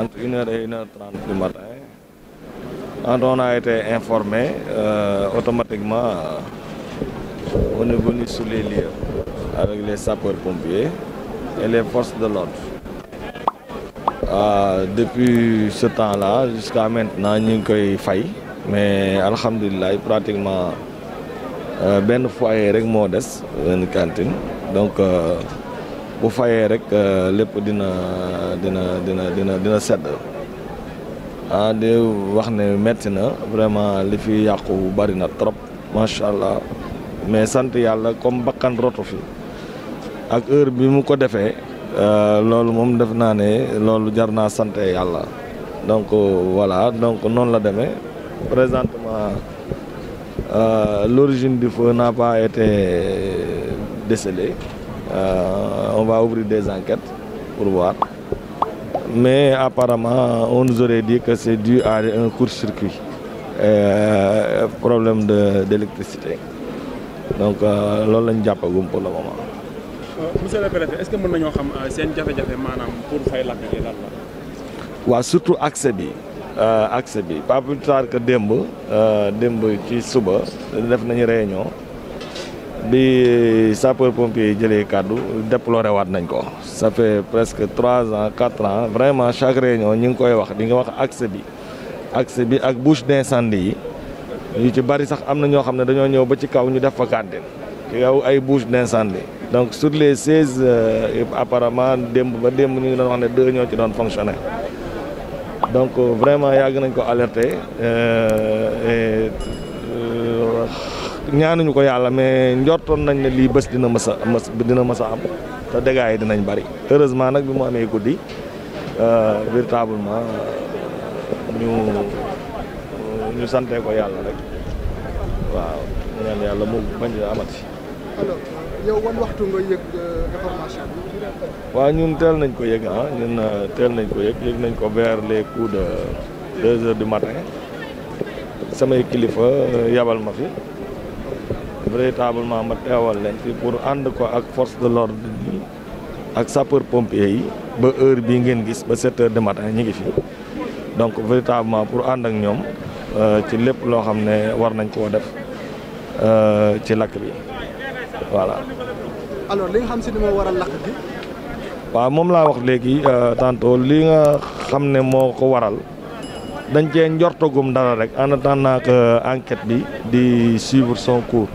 entre 1h et 1h30 du matin. Quand été informé, euh, automatiquement, euh, on est venu sur les lieux avec les sapeurs-pompiers et les forces de l'ordre. Euh, depuis ce temps-là jusqu'à maintenant ñu ngi koy fay mais alhamdulilah pratiquement euh, benn foyer rek moo des benn cantine donc. bu fayee rek euh, lépp dina dina dina dina dina sedd ah di wax ne metti na vraiment li fi yàqu bari na trop macha allah mais sant yàlla comme bakkan rotu fi ak heure bi mu ko defee euh, loolu moom def naa ne loolu jar naa sant yàlla donc euh, voilà donc noonu la demee présentement l'origine du feu n'a pas été décelée Euh, on va ouvrir des enquêtes pour voir. Mais apparemment, on nous di que c'est du à un court-circuit, euh, problème d'électricité. Donc, euh, loolu lañu jàppagum pour le moment. Euh, monsieur le préfet est-ce que mën nañoo xam euh, seen jafe-jafe maanaam pour fay lakk gi lan la. waaw surtout accès bi accès bi pas plus tard que démb démb ci suba def nañu réunion. bi sapeur pompier jëlee kàddu déploré waat nañ ko. ça fait presque trois ans quatre ans vraiment chaque ñoo ñi ngi koy wax di nga wax accès bi bi ak bouche d'incendie yi yu ci bari sax am na ñoo xam ne dañoo ñëw ba ci kaw ñu def fa cantine ci ay bouche d'incendie donc sur les seize euh, apparemment démb ba démb ñu ngi doon wax ne deux ñoo ci doon fonctionner donc vraiment yàgg nañ ko alerter. Euh, euh, ñaanuñu ko yàlla mais njortoon nañ ne lii bés dina mës a dina mës a am te dégâts yi dinañ bari heureusement nag bi mu amee guddi euh, véritablement euh, ñu sante ko yàlla rek waaw ñu yàlla mu bañ amati. alors yow wan euh, ñun teel nañ ko yëg ah ñun teel nañ ko yëg yëg nañ ko vers les coups de deux heures du matin samay kilifa yabal ma fi. véritablement ma teewal leen fi pour ànd ko ak force de l'ordre bi ak sapeur pompier yi ba heure bii ngeen gis ba 7 de matin ñu ngi fi donc véritablement pour ànd ak ñoom euh, ci lépp loo xam ne war nañ koo def euh, ci lakk bi voilà. alors li nga waaw moom laa wax léegi euh, tantôt li nga xam ne moo ko waral. dañ cee njortogum dara rek en attendant que enquête bi di suivre son cours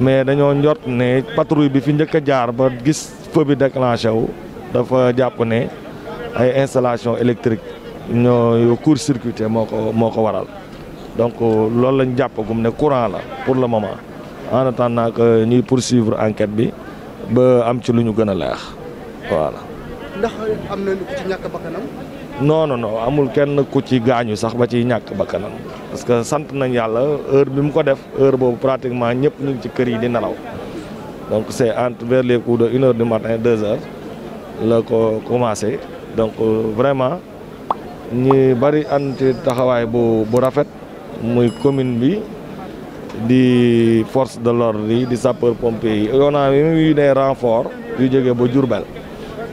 mais dañoo njot ne patrouille bi fi njëkk a jaar ba gis feu bi déclenché wu dafa jàpp ne ay installation électrique ñoo court circuité moo ko moo ko waral donc euh, loolu lañ jàppagum ne courant la pour le moment en attendant que ñuy poursuivre enquête bi ba am ci lu ñu gën a leex voilà. ndax am na ku ci ñàkk bakkanam non non amul kenn ku ci gaañu sax ba ci ñàkk bakkanam parce que sant nañ yàlla heure bi mu ko def heure boobu pratiquement ñëpp ñu ngi ci kër yi di nelaw donc c'est entre vers les coups de une heure du matin deux heures la ko commencé donc euh, vraiment ñi bari anti taxawaay bu bu rafet muy commune bi di force de l'ordre yi di sapeur pompier yi yoonaa bi mu ne renfort yu jógee ba Diourbel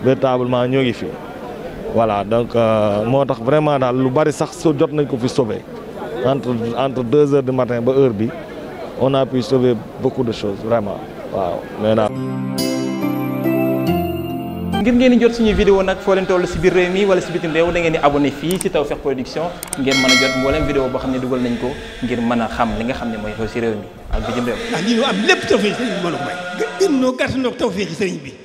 véritablement ñoo ngi fi voilà donc euh, moo tax vraiment daal lu bari sax su jot nañ ko fi sauver entre entre deux heures de matin ba heure bi on a pu sauver beaucoup de choses vraiment waaw mais daal. ngir ngeen di jot suñu vidéo nag foo leen toll si biir réew mi wala si bitim réew da ngeen di abonné fii si Tawfekh Production ngeen mën a jot mboolem vidéo boo xam ne dugal nañ ko ngir mën a xam li nga xam ne mooy xew si réew mi ak bitim réew. ndax lii ñu am lépp Tawfekh bi.